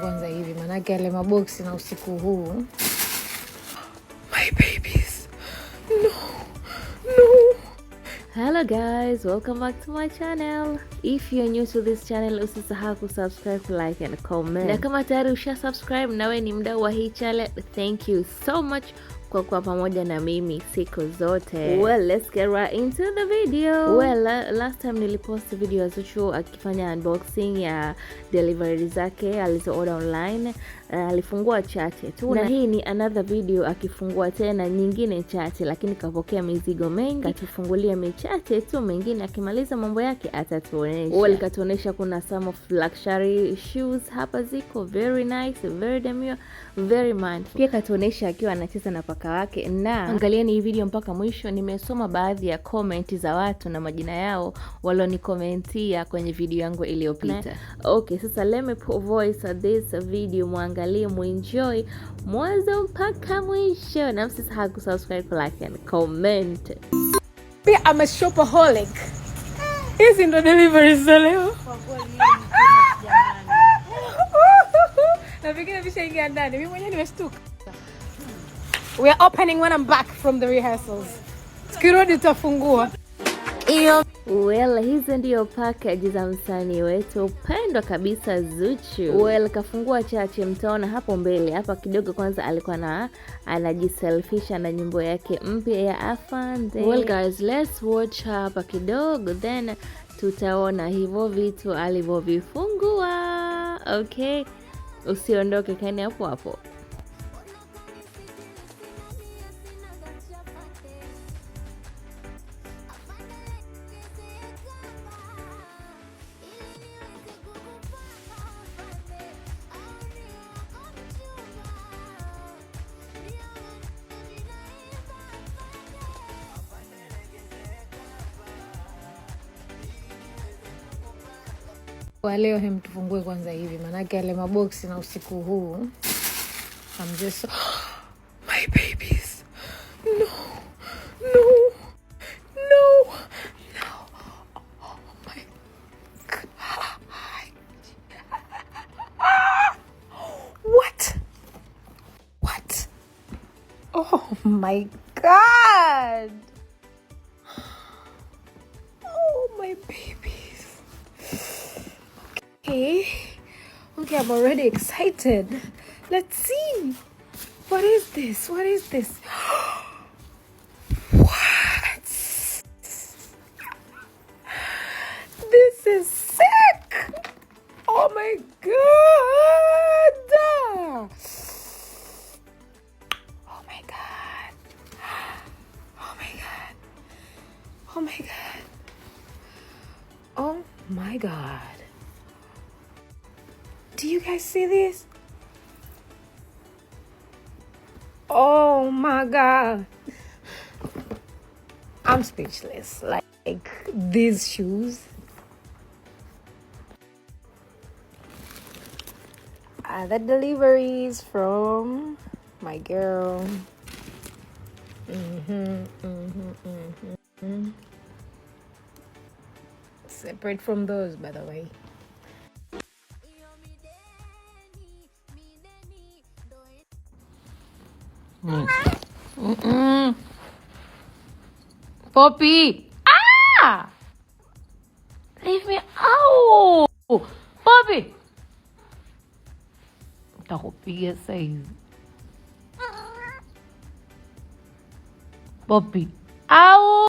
kwanza hivi, manake yale maboksi na usiku huu My babies. No. No. Hello guys, welcome back to my channel. If you're new to this channel, usisahau kusubscribe, like and comment. Na kama tayari usha subscribe nawe ni mdau wa hii channel, thank you so much kwa kuwa pamoja na mimi siku zote. Well, let's get right into the video. Well, last time nilipost video ya Zuchu akifanya unboxing ya delivery zake alizo order online. Eh, alifungua chache tu, na hii ni another video akifungua tena nyingine chache, lakini kapokea mizigo mengi, katufungulia michache tu, mengine akimaliza mambo yake atatuonesha. Well, katuonesha kuna some of luxury shoes hapa ziko very nice, very demure, very mindful. Pia katuonesha akiwa anacheza na paka mwaka wake, na angalieni hii video mpaka mwisho. Nimesoma baadhi ya comment za watu na majina yao walionikomentia kwenye video yangu iliyopita. Okay, sasa let me put voice at this video, mwangalie, muenjoy mwanzo mpaka mwisho, na msisahau kusubscribe, like and comment. Pia a shopaholic. Hizi ndo delivery za leo. Na vingine vishaingia ndani. Mimi mwenyewe nimeshtuka. We are opening when I'm back from the rehearsals. Tukirudi tutafungua. Well, hizo ndio package za msanii wetu upendwa kabisa Zuchu. Well, kafungua chache, mtaona hapo mbele. Hapa kidogo kwanza alikuwa na anajiselfisha na nyimbo yake mpya ya Afande. Well guys, let's watch hapa kidogo then tutaona hivyo vitu alivyovifungua. Okay, usiondoke, kani hapo hapo. Kwa leo hem, tufungue kwanza hivi, maanake yale maboksi na usiku huu I'm just... My babies. No. No. No. No. Oh my God. What? What? Oh my God. Okay. Okay, I'm already excited. Let's see. What is this? What is this? what? This is sick. Oh my god. Do you guys see this? Oh my god. I'm speechless. Like, these shoes. Other uh, deliveries from my girl. Mm-hmm, mm-hmm, mm-hmm, mm-hmm. Separate from those, by the way. Hum. Poppy! Ah! Leave me out! Poppy! Tá roupinha saindo. Poppy! Au!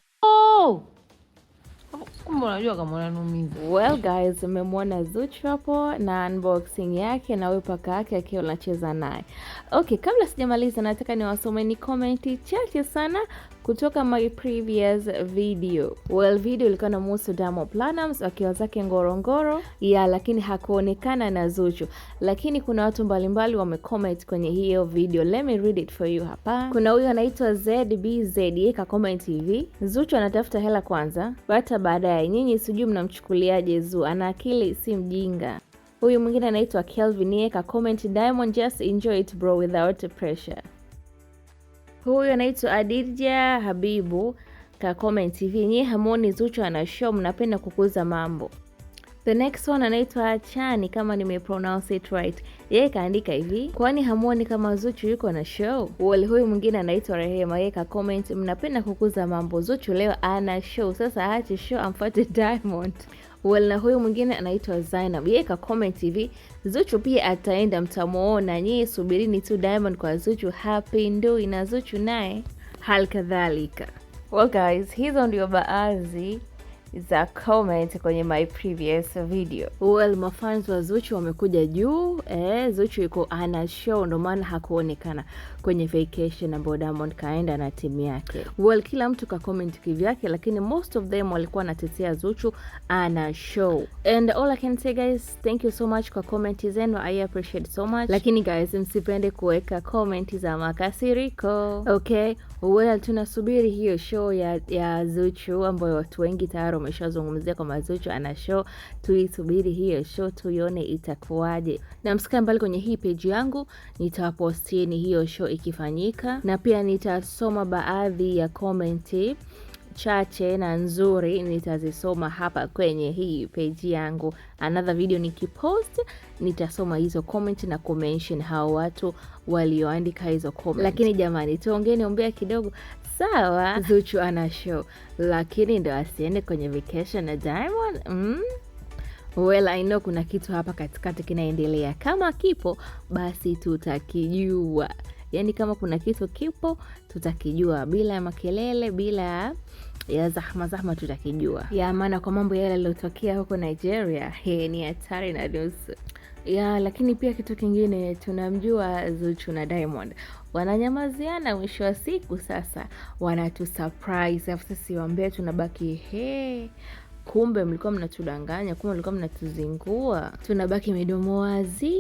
kumbe unajua kama unanumiza. Well guys, umemwona Zuchu hapo na unboxing yake na wewe paka yake akiwa unacheza naye. Okay, kabla sijamaliza nataka niwasomeni komenti chache sana kutoka my previous video. Well, video ilikuwa na muhusu Diamond Platnumz akiwa zake Ngorongoro ya, lakini hakuonekana na Zuchu, lakini kuna watu mbalimbali wamecomment kwenye hiyo video. Let me read it for you hapa. Kuna huyu anaitwa ZBZ ka comment hivi, Zuchu anatafuta hela kwanza, pata baadaye. Nyinyi sijui mnamchukuliaje Zuchu, ana akili si mjinga. Huyu mwingine anaitwa Kelvin yeye ka comment Diamond just enjoy it bro without pressure. Huyu anaitwa adija Habibu ka comment hivi, nyie hamuoni Zuchu ana show, mnapenda kukuza mambo. The next one anaitwa Chani kama nimepronounce it right. Yeye kaandika hivi, kwani hamuoni kama Zuchu yuko na show? Wale huyu mwingine anaitwa Rehema, yeye ka comment mnapenda kukuza mambo. Zuchu leo ana show, sasa aache show amfuate Diamond well, na huyu mwingine anaitwa Zainab, yeye ka comment hivi, Zuchu pia ataenda, mtamuona nyie, subirini tu Diamond kwa Zuchu, happy ndui na Zuchu naye hali kadhalika. Well guys, hizo ndio baadhi za comment kwenye my previous video. Well, mafans wa Zuchu wamekuja juu eh, Zuchu yuko ana show ndo maana hakuonekana kwenye vacation ambayo Diamond kaenda na timu yake. Well, kila mtu ka comment kivyake, lakini most of them walikuwa wanatetea Zuchu ana show. And all I can say guys, thank you so much kwa comment zenu. I appreciate so much. Lakini guys, msipende kuweka comment za makasiriko. Okay, well tunasubiri hiyo show ya, ya Zuchu ambayo watu wengi tayari umeshazungumzia kwamba Zuchu ana show, tuisubiri hiyo show tuione itakuwaje. Na msikae mbali kwenye hii page yangu, nitawapostieni hiyo show ikifanyika, na pia nitasoma baadhi ya komenti chache na nzuri nitazisoma hapa kwenye hii peji yangu. Another video nikipost, nitasoma hizo comment na kumention hao watu walioandika hizo comment. Lakini jamani, tuongeni umbea kidogo, sawa. Zuchu ana show lakini ndo asiende kwenye vacation na Diamond mm? Well, I know kuna kitu hapa katikati kinaendelea. Kama kipo basi tutakijua, yaani kama kuna kitu kipo tutakijua, bila ya makelele, bila ya zahma zahma, tutakijua ya maana, kwa mambo yale yaliyotokea huko Nigeria. Hii ni hatari na nusu ya lakini pia kitu kingine tunamjua Zuchu na Diamond wananyamaziana, mwisho wa siku sasa wanatu surprise, alafu sisi wambea tunabaki he, kumbe mlikuwa mnatudanganya, kumbe mlikuwa mnatuzingua, tunabaki midomo wazi,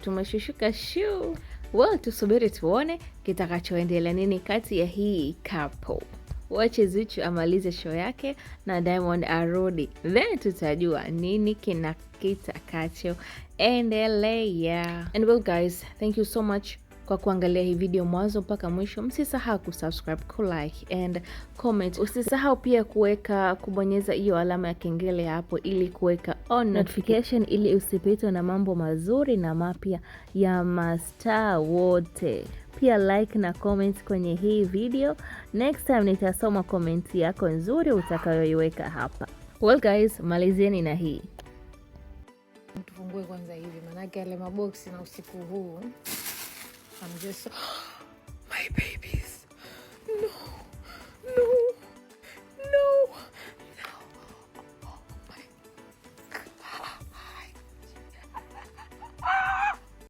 tumeshushuka shuu. Well, tusubiri tuone kitakachoendelea nini kati ya hii kapo. Wache Zuchu amalize show yake na Diamond arudi, then tutajua nini kitakacho endelea. And well guys, thank you so much kwa kuangalia hii video mwanzo mpaka mwisho. Msisahau kusubscribe, ku like and comment. Usisahau pia kuweka kubonyeza hiyo alama ya kengele hapo ili kuweka on notification ili usipitwe na mambo mazuri na mapya ya mastaa wote. Pia like na comment kwenye hii video. Next time nitasoma comment yako nzuri utakayoiweka hapa. Well guys, malizieni na hii nifungue kwanza hivi, maanake yale maboksi na usiku huu I'm just... my babies